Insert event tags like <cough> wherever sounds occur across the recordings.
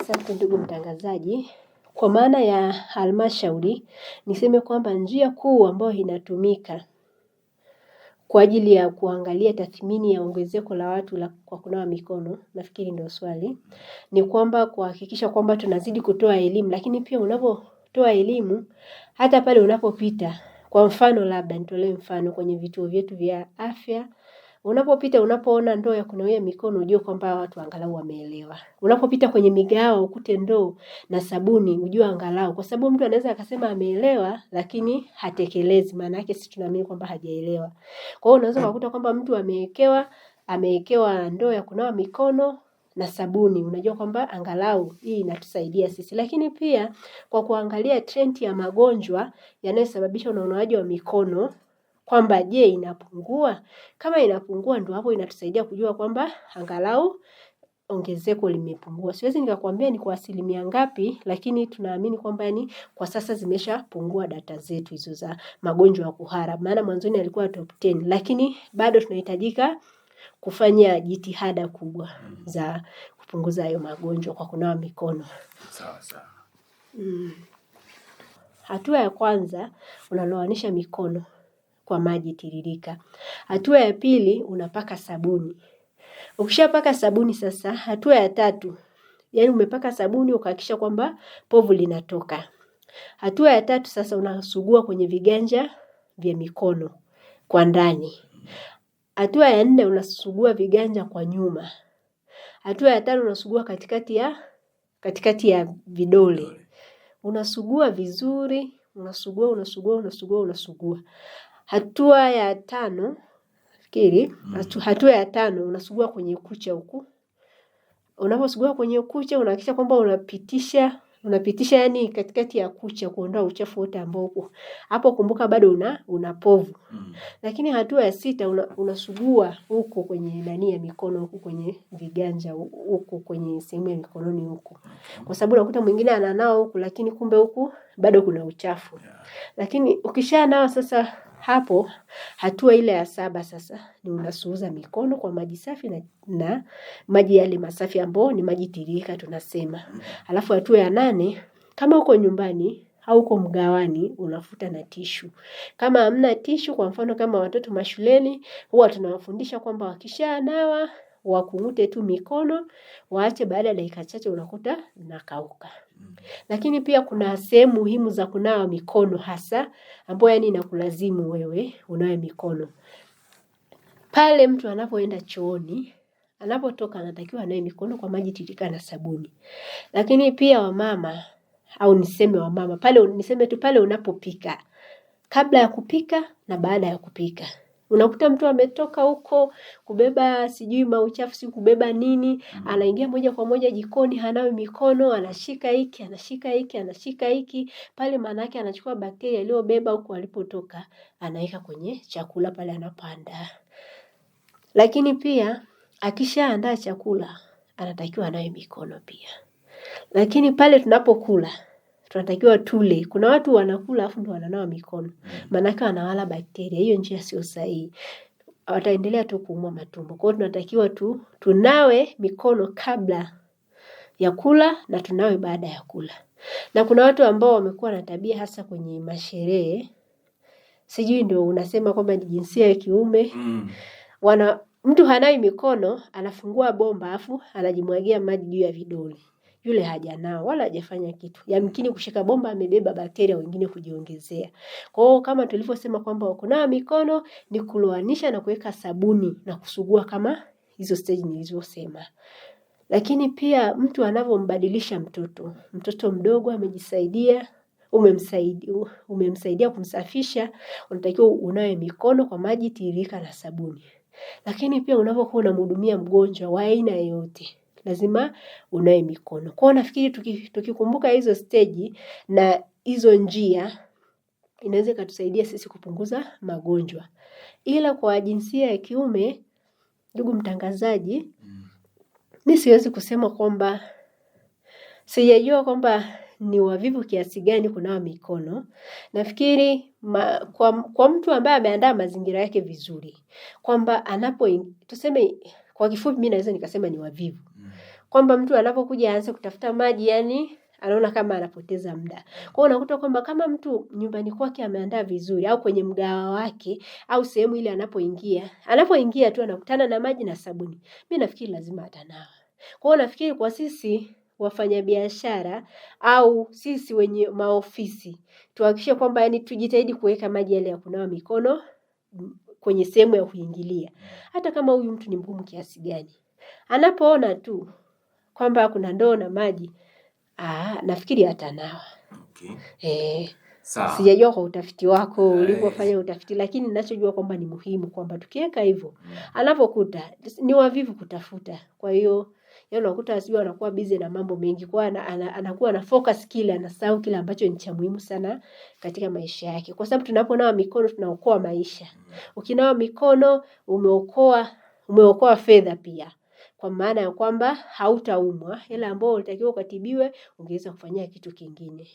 Asante ndugu mtangazaji. Kwa maana ya halmashauri, niseme kwamba njia kuu ambayo inatumika kwa ajili ya kuangalia tathmini ya ongezeko la watu la kwa kunawa mikono, nafikiri ndio swali, ni kwamba kuhakikisha kwamba tunazidi kutoa elimu, lakini pia unapotoa elimu, hata pale unapopita, kwa mfano labda nitolee mfano kwenye vituo vyetu vya afya Unapopita unapoona ndoo ya kunawia mikono ujue kwamba watu angalau wameelewa. Unapopita kwenye migahawa ukute ndoo na sabuni ujue angalau, kwa sababu mtu anaweza akasema ameelewa lakini hatekelezi, maana yake sisi tunaamini kwamba hajaelewa. Kwa hiyo unaweza kukuta kwamba mtu amewekewa amewekewa ndoo ya kunawa mikono na sabuni, unajua kwamba angalau hii inatusaidia sisi. Lakini pia kwa kuangalia trendi ya magonjwa yanayosababisha na wa mikono kwamba je inapungua kama inapungua ndo hapo inatusaidia kujua kwamba angalau ongezeko limepungua siwezi nikakwambia ni kwa asilimia ngapi lakini tunaamini kwamba yani kwa sasa zimeshapungua data zetu hizo za magonjwa ya kuhara maana mwanzoni alikuwa top 10 lakini bado tunahitajika kufanya jitihada kubwa mm. za kupunguza hayo magonjwa kwa kunawa mikono sawa sawa mm. hatua ya kwanza unaloanisha mikono kwa maji tiririka. Hatua ya pili unapaka sabuni. Ukishapaka sabuni sasa, hatua ya tatu yaani umepaka sabuni ukahakikisha kwamba povu linatoka. Hatua ya tatu sasa unasugua kwenye viganja vya mikono kwa ndani. Hatua ya nne unasugua viganja kwa nyuma. Hatua ya tano unasugua katikati ya katikati ya vidole. Unasugua vizuri, unasugua, unasugua, unasugua, unasugua. Hatua ya tano fikiri, mm. hatua ya tano unasugua kwenye kucha huku. Unaposugua kwenye kucha unahakikisha kwamba unapitisha unapitisha yani katikati ya kucha kuondoa uchafu wote ambao uko hapo. Kumbuka bado una una povu mm. Lakini hatua ya sita una, unasugua huko kwenye nani ya mikono huko kwenye viganja huko kwenye sehemu ya mikononi huko, kwa sababu unakuta mwingine ananao huku, lakini kumbe huku bado kuna uchafu yeah. Lakini ukishanawa sasa hapo hatua ile ya saba sasa ni unasuuza mikono kwa maji safi na, na maji yale masafi ambayo ni maji tiririka tunasema. Alafu hatua ya nane kama uko nyumbani au uko mgawani unafuta na tishu. Kama hamna tishu, kwa mfano kama watoto mashuleni, huwa tunawafundisha kwamba wakisha nawa wakung'ute tu mikono waache, baada ya dakika chache unakuta nakauka lakini pia kuna sehemu muhimu za kunawa mikono hasa ambayo yani inakulazimu wewe unawe mikono. Pale mtu anapoenda chooni, anapotoka anatakiwa anawe mikono kwa maji tiririka na sabuni. Lakini pia wamama au niseme wamama, pale niseme tu pale unapopika. Kabla ya kupika na baada ya kupika. Unakuta mtu ametoka huko kubeba sijui mauchafu si kubeba nini, mm. anaingia moja kwa moja jikoni, hanawi mikono, anashika hiki, anashika hiki, anashika hiki pale, maana anachukua bakteria aliyobeba huko alipotoka, anaweka kwenye chakula pale anapoandaa. Lakini pia akishaandaa chakula anatakiwa anawe mikono pia, lakini pale tunapokula tunatakiwa tule. Kuna watu wanakula afu ndo wananawa mikono, mm. maanake wanawala bakteria. Hiyo njia sio sahihi, wataendelea tu kuumwa matumbo. Kwa hiyo tunatakiwa tu tunawe mikono kabla ya kula na tunawe baada ya kula. Na kuna watu ambao wamekuwa na tabia hasa kwenye masherehe, sijui ndio unasema kwamba ni jinsia ya kiume mm. wana mtu hanawi mikono, anafungua bomba afu anajimwagia maji juu ya vidole yule hajanao wala hajafanya kitu. Yamkini kushika bomba amebeba bakteria wengine kujiongezea. Kwa hiyo kama tulivyosema kwamba kunawa mikono ni kuloanisha na kuweka sabuni na kusugua kama hizo stage nilizosema. Lakini pia mtu anavyombadilisha mtoto, mtoto mdogo amejisaidia umemsaidia, umemsaidia kumsafisha, unatakiwa unawe mikono kwa maji tiririka na sabuni. Lakini pia unavyokuwa unamhudumia mgonjwa wa aina yoyote, lazima unawe mikono. Kwa nafikiri tukikumbuka hizo steji na hizo njia inaweza ikatusaidia sisi kupunguza magonjwa. Ila kwa jinsia ya kiume, ndugu mtangazaji, mm. mi siwezi kusema kwamba sijajua kwamba ni wavivu kiasi gani kunawa mikono. Nafikiri ma, kwa, kwa mtu ambaye ameandaa mazingira yake vizuri kwamba anapo tuseme kwa kifupi mi naweza nikasema ni wavivu kwamba mtu anapokuja aanze kutafuta maji yani anaona kama anapoteza muda. Kwa hiyo unakuta kwamba kama mtu nyumbani kwake ameandaa vizuri au kwenye mgawa wake au sehemu ile anapoingia, anapoingia tu anakutana na maji na sabuni. Mimi nafikiri lazima atanawa. Kwa hiyo nafikiri kwa sisi wafanyabiashara au sisi wenye maofisi tuhakikishe kwamba yani tujitahidi kuweka maji yale ya kunawa mikono kwenye sehemu ya kuingilia. Hata kama huyu mtu ni mgumu kiasi gani. Anapoona tu kwamba kuna ndoo na maji ah, nafikiri hatanawa. Okay. Eh, sijajua kwa utafiti wako eh. ulivyofanya utafiti, lakini ninachojua kwamba ni muhimu kwamba tukiweka hivyo mm. anapokuta ni wavivu kutafuta, kwa hiyo yaani unakuta sijui anakuwa busy na mambo mengi kwa ana, ana, anakuwa na focus kile, anasahau kile ambacho ni cha muhimu sana katika maisha yake, kwa sababu tunaponawa mikono tunaokoa maisha. Mm. Ukinawa mikono umeokoa umeokoa fedha pia kwa maana ya kwamba hautaumwa ila ambao ulitakiwa ukatibiwe ungeweza kufanyia kitu kingine.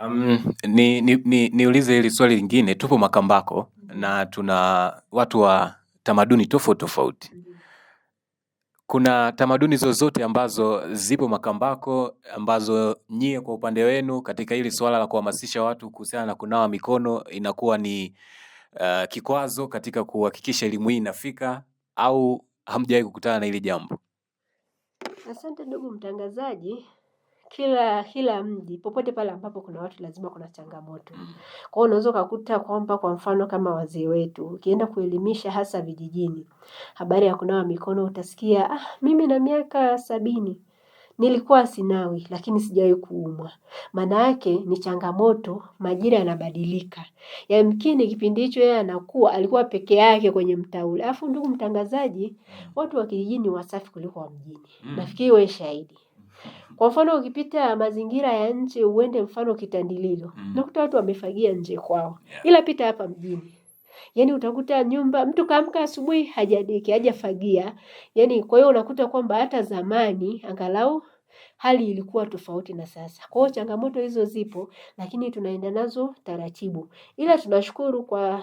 Um, ni, ni, ni, niulize hili swali lingine. Tupo Makambako mm -hmm. na tuna watu wa tamaduni tofauti tofauti mm -hmm. Kuna tamaduni zozote ambazo zipo Makambako ambazo nyie kwa upande wenu katika hili swala la kuhamasisha watu kuhusiana na kunawa mikono inakuwa ni uh, kikwazo katika kuhakikisha elimu hii inafika au hamjawahi kukutana na hili jambo? Asante ndugu mtangazaji. Kila kila mji popote pale ambapo kuna watu lazima kuna changamoto. Mm. Kwa hiyo unaweza ukakuta kwamba kwa mfano kama wazee wetu ukienda kuelimisha hasa vijijini habari ya kunawa mikono utasikia ah, mimi na miaka sabini Nilikuwa sinawi lakini sijawahi kuumwa. Maana yake ni changamoto, majira yanabadilika. Yamkini kipindi hicho yeye anakuwa alikuwa peke yake kwenye mtaa ule. Alafu ndugu mtangazaji, watu wa kijijini wasafi kuliko wa mjini. Mm. Nafikiri wewe shahidi. Kwa mfano ukipita mazingira ya nje uende mfano Kitandililo. mm. nakuta watu wamefagia nje kwao. Yeah. Ila pita hapa mjini. Yaani utakuta nyumba mtu kaamka asubuhi hajadeki, hajafagia. Yaani kwa hiyo unakuta kwamba hata zamani angalau hali ilikuwa tofauti na sasa. Kwa hiyo changamoto hizo zipo, lakini tunaenda nazo taratibu, ila tunashukuru kwa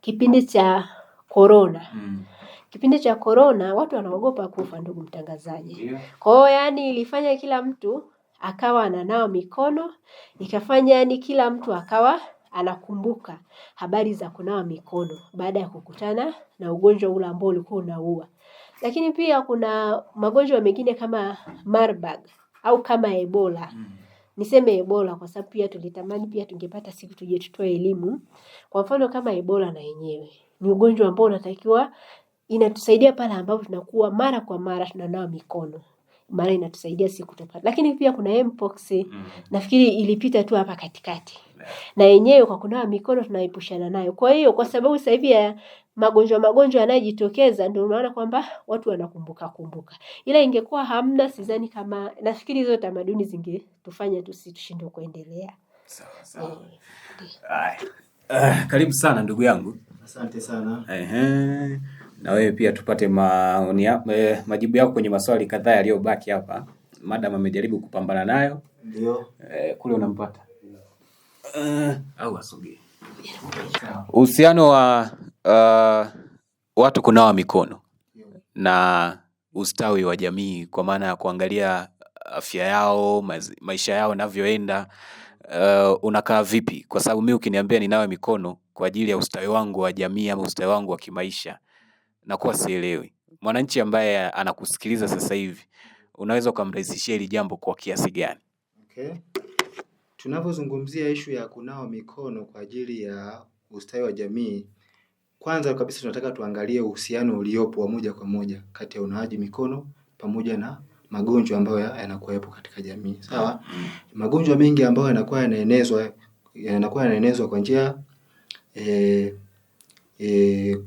kipindi cha korona mm. Kipindi cha korona watu wanaogopa kufa, ndugu mtangazaji, Kwa hiyo yani ilifanya kila mtu akawa ananawa mikono, ikafanya yani kila mtu akawa anakumbuka habari za kunawa mikono baada ya kukutana na ugonjwa ule ambao ulikuwa unaua. Lakini pia kuna magonjwa mengine kama Marburg au kama Ebola. Mm. Niseme Ebola kwa sababu pia tulitamani pia tungepata siku tuje tutoe elimu. Kwa mfano kama Ebola na yenyewe ni ugonjwa ambao unatakiwa inatusaidia pale ambapo tunakuwa mara kwa mara tunanawa mikono. mara inatusaidia si kutopata. Lakini pia kuna Mpox mm. nafikiri ilipita tu hapa katikati na yenyewe kwa kunawa mikono tunaepushana nayo. Kwa hiyo kwa sababu sasa hivi ya magonjwa magonjwa yanayojitokeza, ndio unaona kwamba watu wanakumbuka kumbuka, ila ingekuwa hamna, sidhani kama, nafikiri hizo tamaduni zingetufanya tusi tushindwe kuendelea. Sawa eh, sawa. Uh, karibu sana ndugu yangu. Asante sana. Ehe. Na wewe pia tupate maoni yako, eh, majibu yako kwenye maswali kadhaa yaliyobaki hapa. Madam amejaribu kupambana nayo. Ndio. Eh, kule unampata Eh. Uhusiano wa uh, watu kunawa mikono na ustawi wa jamii kwa maana ya kuangalia afya yao, maisha yao navyoenda Uh, unakaa vipi? Kwa sababu mi ukiniambia ninawe mikono kwa ajili ya ustawi wangu wa jamii ama ustawi wangu wa kimaisha, nakuwa sielewi. Mwananchi ambaye anakusikiliza sasa hivi unaweza ukamrahisishia hili jambo kwa kiasi gani? Okay. Tunapozungumzia ishu ya kunawa mikono kwa ajili ya ustawi wa jamii, kwanza kabisa tunataka tuangalie uhusiano uliopo wa moja kwa moja kati ya unawaji mikono pamoja na magonjwa ambayo yanakuwepo katika jamii. Sawa? Magonjwa mengi ambayo yanakuwa yanaenezwa yanakuwa yanaenezwa kwa njia e, e,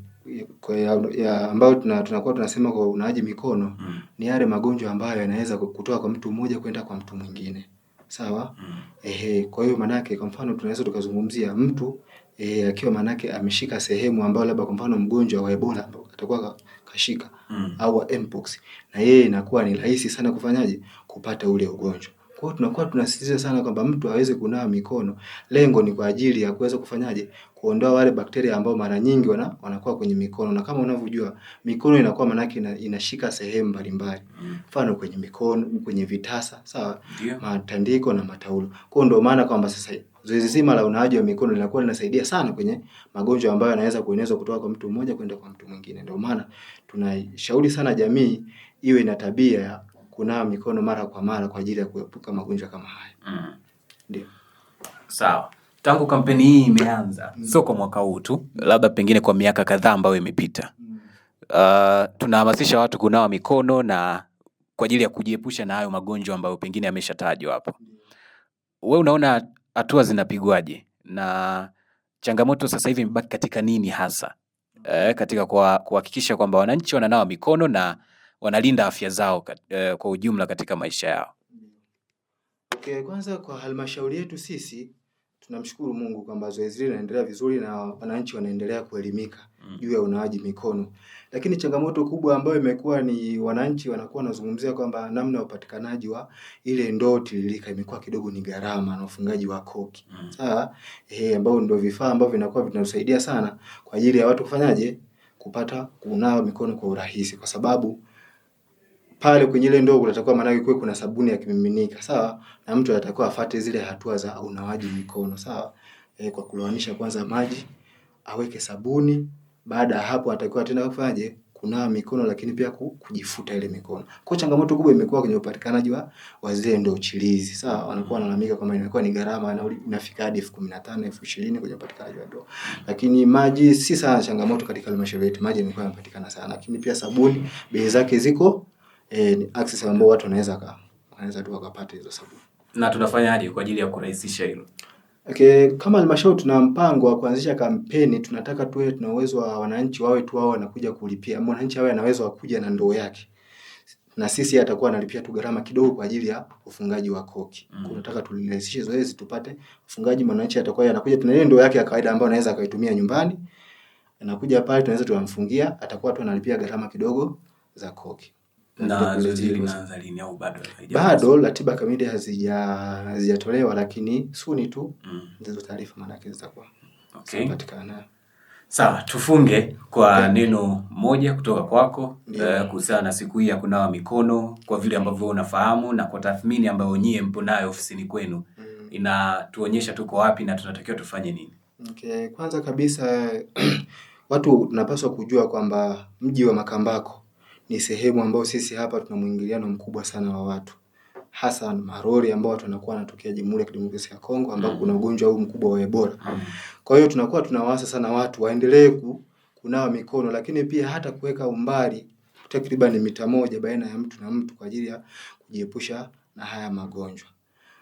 kwa ya, ya ambayo tuna, tunakuwa tunasema kwa unawaji mikono mm. ni yale magonjwa ambayo yanaweza kutoka kwa mtu mmoja kwenda kwa mtu mwingine sawa? Mm. Ehe, kwa hiyo manake kwa mfano tunaweza tukazungumzia mtu ehe, akiwa manake ameshika sehemu ambayo labda kwa mfano mgonjwa wa Ebola atakuwa kashika mm. au wa Mpox na yeye inakuwa ni rahisi sana kufanyaje kupata ule ugonjwa. Kwa hiyo tunakuwa tunasisitiza sana kwamba mtu aweze kunawa mikono. Lengo ni kwa ajili ya kuweza kufanyaje? Kuondoa wale bakteria ambao mara nyingi wana, wanakuwa kwenye mikono. Na kama unavyojua mikono inakuwa manake ina, inashika sehemu mbalimbali. Mfano mm. kwenye mikono, kwenye vitasa, sawa? Yeah. Matandiko na mataulo. Kwa hiyo ndio maana kwamba sasa zoezi zima la unawaji wa mikono linakuwa linasaidia sana kwenye magonjwa ambayo yanaweza kuenezwa kutoka kwa mtu mmoja kwenda kwa mtu mwingine. Ndio maana tunashauri sana jamii iwe na tabia ya kunawa mikono mara kwa mara kwa ajili ya kuepuka magonjwa kama haya. Mm. Ndio. Sawa. Tangu kampeni hii imeanza, mm. sio kwa mwaka huu tu, labda pengine kwa miaka kadhaa ambayo imepita, mm. uh, tunahamasisha watu kunawa mikono na kwa ajili ya kujiepusha na hayo magonjwa ambayo pengine ameshatajwa hapo. Wewe unaona hatua zinapigwaje na changamoto sasa hivi imebaki katika nini hasa, uh, katika kuhakikisha kwa kwamba wananchi wananawa mikono na wanalinda afya zao kat, uh, kwa ujumla katika maisha yao. Okay, kwanza kwa halmashauri yetu sisi tunamshukuru Mungu kwamba zoezi hili linaendelea vizuri na wananchi wanaendelea kuelimika mm. juu ya unawaji mikono, lakini changamoto kubwa ambayo imekuwa ni wananchi wanakuwa wanazungumzia kwamba namna ya upatikanaji wa ile ndoo tiririka imekuwa kidogo ni gharama na ufungaji wa koki mm. Sasa eh, ambao ndio vifaa ambavyo vinakuwa vinasaidia sana kwa ajili ya watu kufanyaje kupata kunawa mikono kwa urahisi kwa sababu pale kwenye ile ndoo kunatakiwa maanake kuwe kuna sabuni ya kimiminika sawa, na mtu anatakiwa afate zile hatua za unawaji mikono sawa. E, kwa kulowanisha kwanza maji aweke sabuni. Baada ya hapo atakiwa tena kufanyaje? Kunawa mikono, lakini pia kujifuta ile mikono. Kwa changamoto kubwa imekuwa kwenye upatikanaji wa wazee ndio uchilizi sawa, wanakuwa wanalalamika kwamba imekuwa ni gharama inafika hadi elfu kumi na tano elfu ishirini kwenye upatikanaji wa ndoo. Lakini maji si sana changamoto katika halmashauri yetu, maji yamekuwa yanapatikana sana, lakini pia sabuni bei zake ziko eh, ni access ambayo watu wanaweza wanaweza tu wakapata hizo sabuni. Na tunafanyaje kwa ajili ya kurahisisha hilo? Okay, kama halmashauri tuna mpango wa kuanzisha kampeni. Tunataka tuwe tuna uwezo wa wananchi wawe tu wao wanakuja kulipia, mwananchi awe anaweza wa kuja na ndoo yake, na sisi atakuwa analipia tu gharama kidogo kwa ajili ya ufungaji wa koki mm. Tunataka tulirahisishe zoezi tupate ufungaji, mwananchi atakuwa anakuja, tuna ile ndoo yake ya kawaida ambayo anaweza akaitumia nyumbani, anakuja pale, tunaweza tuamfungia, atakuwa tu analipia gharama kidogo za koki na zoezi hili linaanza lini au bado bado ratiba kamili hazijatolewa, lakini suni tu mm. ndizo mm. taarifa maanake zitakuwa okay. Sawa, tufunge kwa neno moja kutoka kwako yeah. uh, kuhusiana na siku hii ya kunawa mikono kwa vile ambavyo unafahamu na kwa tathmini ambayo nyie mpo nayo ofisini kwenu mm. inatuonyesha tuko wapi na tunatakiwa tufanye nini? Okay. Kwanza kabisa <clears throat> watu tunapaswa kujua kwamba mji wa Makambako ni sehemu ambayo sisi hapa tuna mwingiliano mkubwa sana wa watu, hasa marori ambao watu wanakuwa wanatokea Jamhuri ya Kidemokrasia ya Kongo ambapo mm. kuna ugonjwa huu mkubwa wa Ebola. Mm. Kwa hiyo tunakuwa tunawaasa sana watu waendelee kunawa mikono, lakini pia hata kuweka umbali takriban mita moja baina ya mtu na mtu kwa ajili ya kujiepusha na haya magonjwa.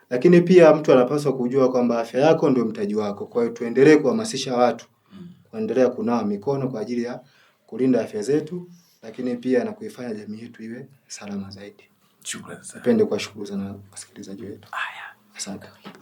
Lakini pia mtu anapaswa kujua kwamba afya yako ndio mtaji wako. Kwa hiyo tuendelee kuhamasisha watu mm. kuendelea kunawa mikono kwa ajili ya kulinda afya zetu lakini pia na kuifanya jamii yetu iwe salama zaidi. Shukrani sana. Napende kuwashukuru sana wasikilizaji wetu. Asante.